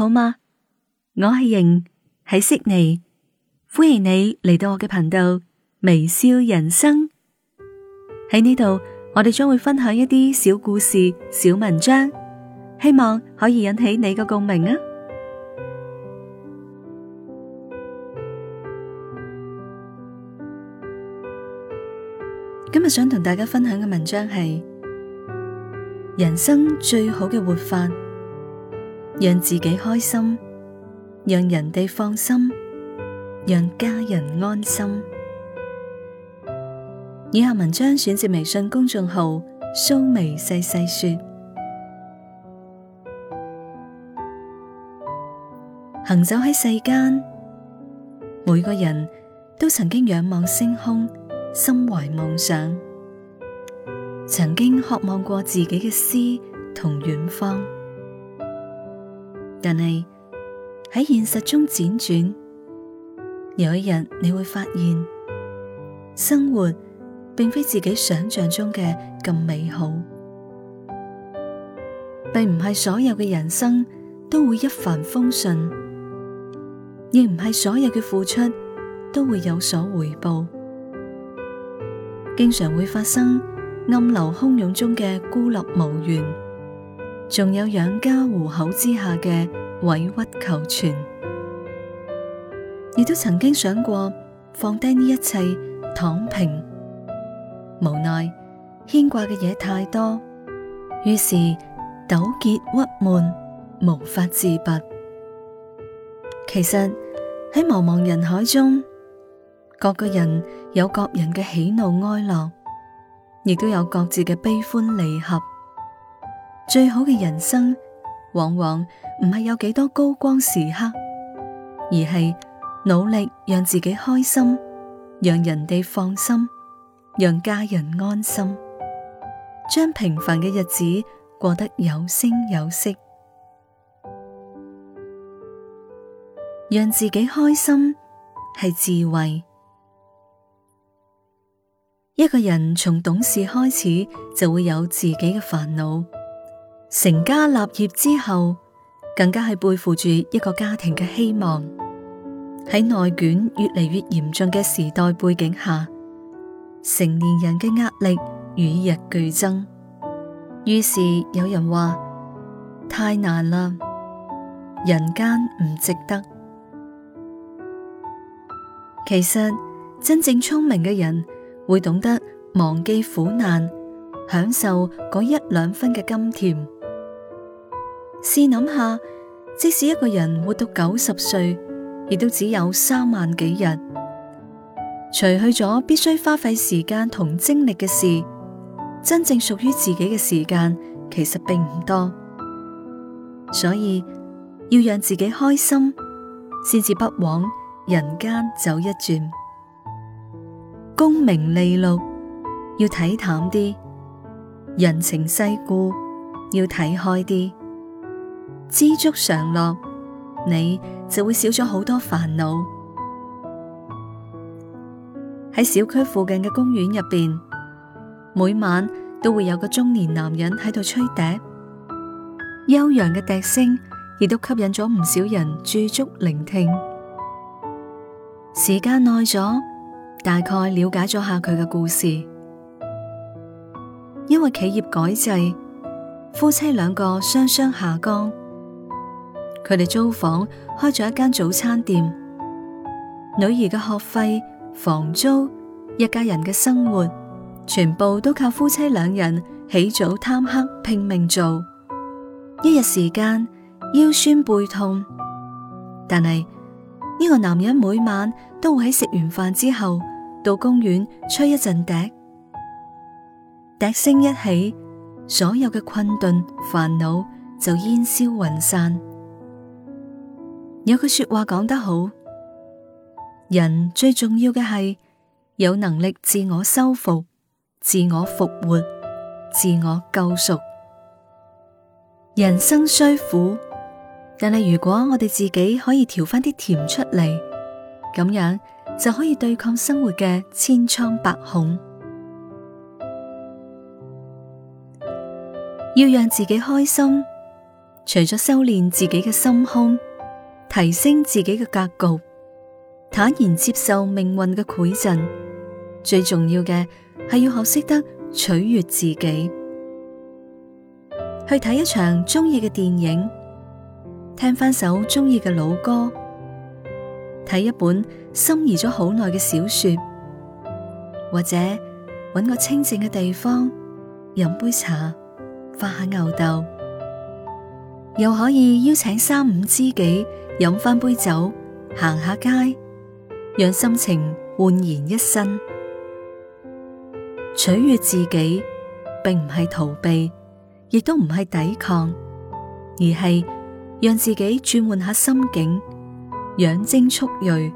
好嗎？我係瑩，喺悉尼，歡迎你嚟到我嘅頻道微笑人生。喺呢度，我哋將會分享一啲小故事、小文章，希望可以引起你嘅共鳴啊！今日想同大家分享嘅文章係：人生最好嘅活法。讓自己開心，讓人哋放心，讓家人安心。以下文章選自微信公眾號蘇眉細細說。行走喺世間，每個人都曾經仰望星空，心懷夢想，曾經渴望過自己嘅詩同遠方。但係喺現實中輾轉，有一日你會發現，生活並非自己想象中嘅咁美好，並唔係所有嘅人生都會一帆風順，亦唔係所有嘅付出都會有所回報，經常會發生暗流洶湧中嘅孤立無援。仲有養家糊口之下嘅委屈求全，亦都曾經想過放低呢一切躺平，無奈牽掛嘅嘢太多，於是糾結鬱悶，無法自拔。其實喺茫茫人海中，各個人有各人嘅喜怒哀樂，亦都有各自嘅悲歡離合。最好嘅人生，往往唔係有幾多高光時刻，而係努力讓自己開心，讓人哋放心，讓家人安心，將平凡嘅日子過得有聲有色。讓自己開心，係智慧。一個人從懂事開始，就會有自己嘅煩惱。成家立業之後,更加係背負住一個家庭嘅希望,試諗下，即使一個人活到九十歲，亦都只有三萬幾日。除去咗必須花費時間同精力嘅事，真正屬於自己嘅時間其實並唔多。所以要讓自己開心，先至不枉人間走一轉。功名利祿要睇淡啲，人情世故要睇開啲。知足常樂，你就會少咗好多煩惱。喺小區附近嘅公園入邊，每晚都會有個中年男人喺度吹笛，悠揚嘅笛聲亦都吸引咗唔少人駐足聆聽。時間耐咗，大概了解咗下佢嘅故事，因為企業改制，夫妻兩個雙雙下崗。佢哋租房開咗一間早餐店，女兒嘅學費、房租，一家人嘅生活，全部都靠夫妻兩人起早貪黑拼命做。一日時間腰酸背痛，但係呢個男人每晚都會喺食完飯之後到公園吹一陣笛，笛聲一起，所有嘅困頓煩惱就煙消雲散。有句說話講得好，人最重要嘅係有能力自我修復、自我復活、自我救贖。人生雖苦，但係如果我哋自己可以調翻啲甜出嚟，咁樣就可以對抗生活嘅千瘡百孔。要讓自己開心，除咗修煉自己嘅心胸。提升自己嘅格局，坦然接受命運嘅饋贈。最重要嘅係要學識得取悅自己。去睇一場中意嘅電影，聽翻首中意嘅老歌，睇一本心儀咗好耐嘅小說，或者搵個清靜嘅地方，飲杯茶，發下吽哣，又可以邀請三五知己，飲返杯酒，行下街，讓心情煥然一新。取悦自己，並唔係逃避，亦都唔係抵抗，而係讓自己轉換下心境，養精蓄銳，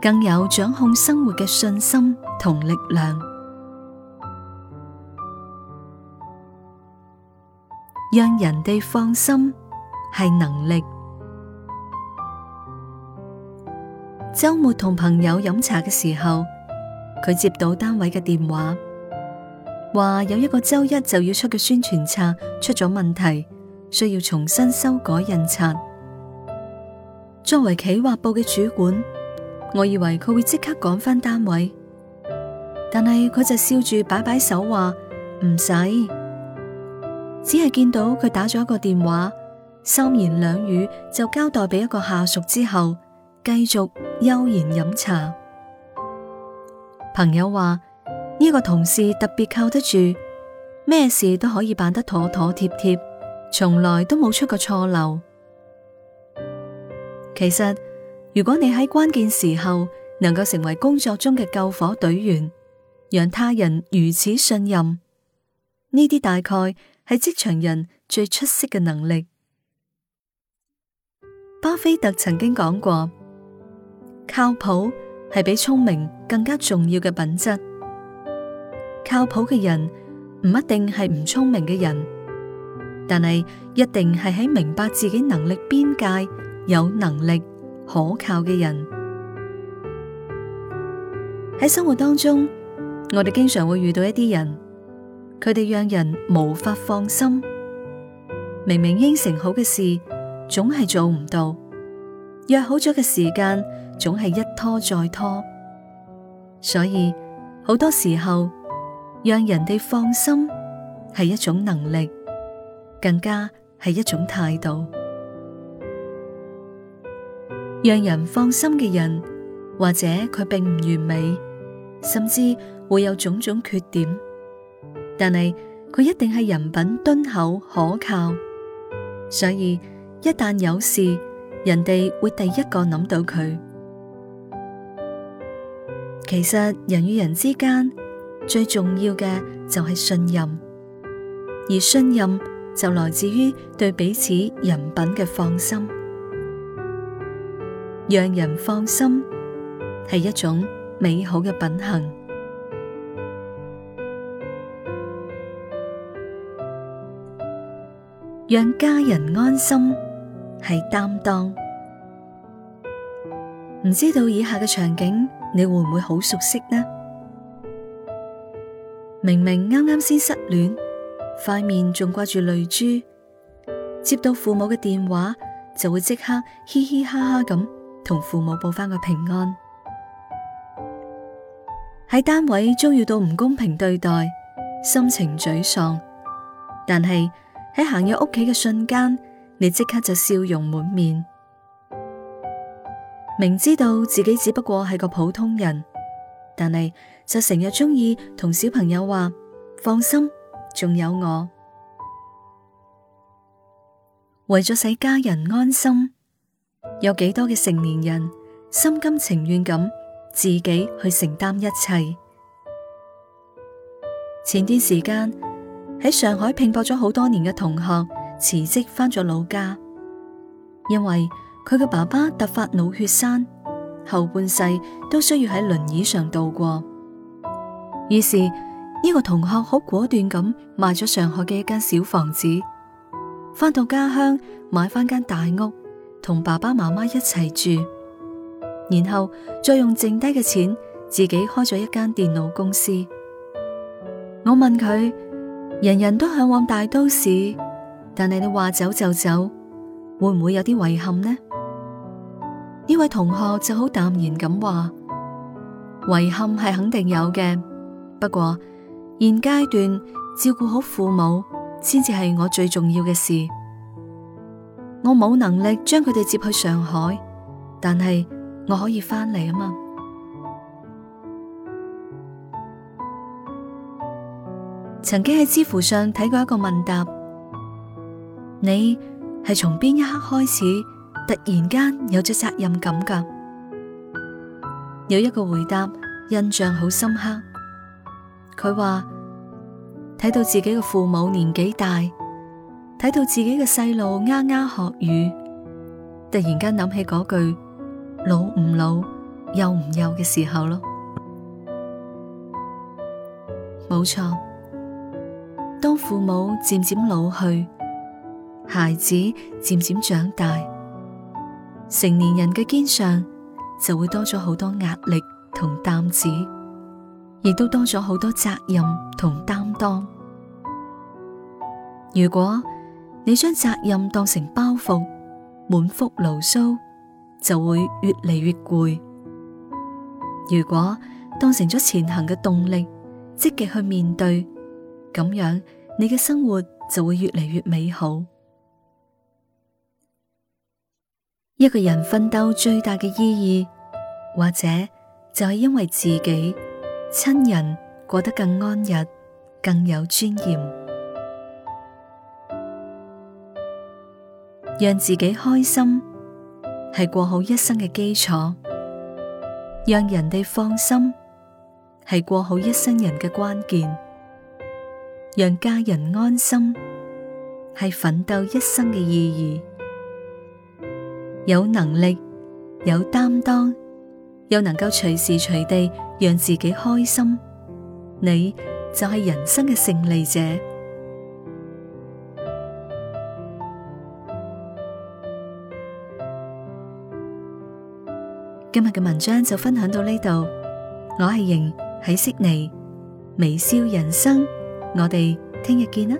更有掌控生活嘅信心同力量。讓人哋放心，係能力。周末同朋友飲茶嘅時候，佢接到單位嘅電話，話有一個周一就要出嘅宣傳冊出咗問題，需要重新修改印刷。作為企劃部嘅主管，我以為佢會即刻趕返單位，但係佢就笑住擺擺手話唔使，只係見到佢打咗一個電話，三言兩語就交代俾一個下屬之後，繼續。悠然飲茶。朋友話：呢個同事特別靠得住，咩事都可以辦得妥妥貼貼，從來都冇出過錯漏。其實，如果你喺關鍵時候能夠成為工作中嘅救火隊員，讓他人如此信任，呢啲大概係職場人最出色嘅能力。巴菲特曾經講過。靠譜係比聰明更加重要嘅品質。靠譜嘅人唔一定係唔聰明嘅人，但係一定係喺明白自己能力邊界、有能力、可靠嘅人。喺生活當中，我哋經常會遇到一啲人，佢哋讓人無法放心。明明應承好嘅事，總係做唔到，約好咗嘅時間。總係一拖再拖，所以好多時候讓人哋放心係一種能力，更加係一種態度。讓人放心嘅人，或者佢並唔完美，甚至會有種種缺點，但係佢一定係人品敦厚可靠，所以一旦有事，人哋會第一個諗到佢。其實人與人之間最重要嘅就係信任，而信任就來自於對彼此人品嘅放心。讓人放心係一種美好嘅品行，讓家人安心係擔當。唔知道以下嘅場景。你會唔會好熟悉呢？明明啱啱先失戀，塊面仲掛住淚珠，接到父母嘅電話就會即刻嘻嘻哈哈咁同父母報翻個平安。喺單位遭遇到唔公平對待，心情沮喪，但係喺行入屋企嘅瞬間，你即刻就笑容滿面。明知道自己只不過係個普通人，但係就成日鍾意同小朋友話放心，仲有我，為咗使家人安心，有幾多嘅成年人心甘情願咁自己去承擔一切。前段時間喺上海拼搏咗好多年嘅同學辭職翻咗老家，因為。佢嘅爸爸突發腦血栓，後半世都需要喺輪椅上度過。於是呢個同學好果斷咁賣咗上海嘅一間小房子，返到家鄉買翻間大屋，同爸爸媽媽一齊住，然後再用剩低嘅錢自己開咗一間電腦公司。我問佢：人人都向往大都市，但係你話走就走，會唔會有啲遺憾呢？呢位同學就好淡然咁話：遺憾係肯定有嘅，不過現階段照顧好父母先至係我最重要嘅事。我冇能力將佢哋接去上海，但係我可以翻嚟啊嘛。曾經喺知乎上睇過一個問答：你係從邊一刻開始？突然間有咗責任感㗎，有一個回答印象好深刻。佢話睇到自己嘅父母年紀大，睇到自己嘅細路啱啱學語，突然間諗起嗰句老唔老，幼唔幼嘅時候咯。冇錯，當父母漸漸老去，孩子漸漸長大。成年人嘅肩上就會多咗好多壓力同擔子，亦都多咗好多責任同擔當。如果你將責任當成包袱，滿腹牢騷，就會越嚟越攰；如果當成咗前行嘅動力，積極去面對，咁樣你嘅生活就會越嚟越美好。一個人奮鬥最大嘅意義，或者就係因為自己親人過得更安逸、更有尊嚴，讓自己開心係過好一生嘅基礎，讓人哋放心係過好一生人嘅關鍵，讓家人安心係奮鬥一生嘅意義。有能力，有擔當，又能夠隨時隨地讓自己開心，你就係人生嘅勝利者。今日嘅文章就分享到呢度，我係瑩，喺悉尼微笑人生，我哋聽日見啦！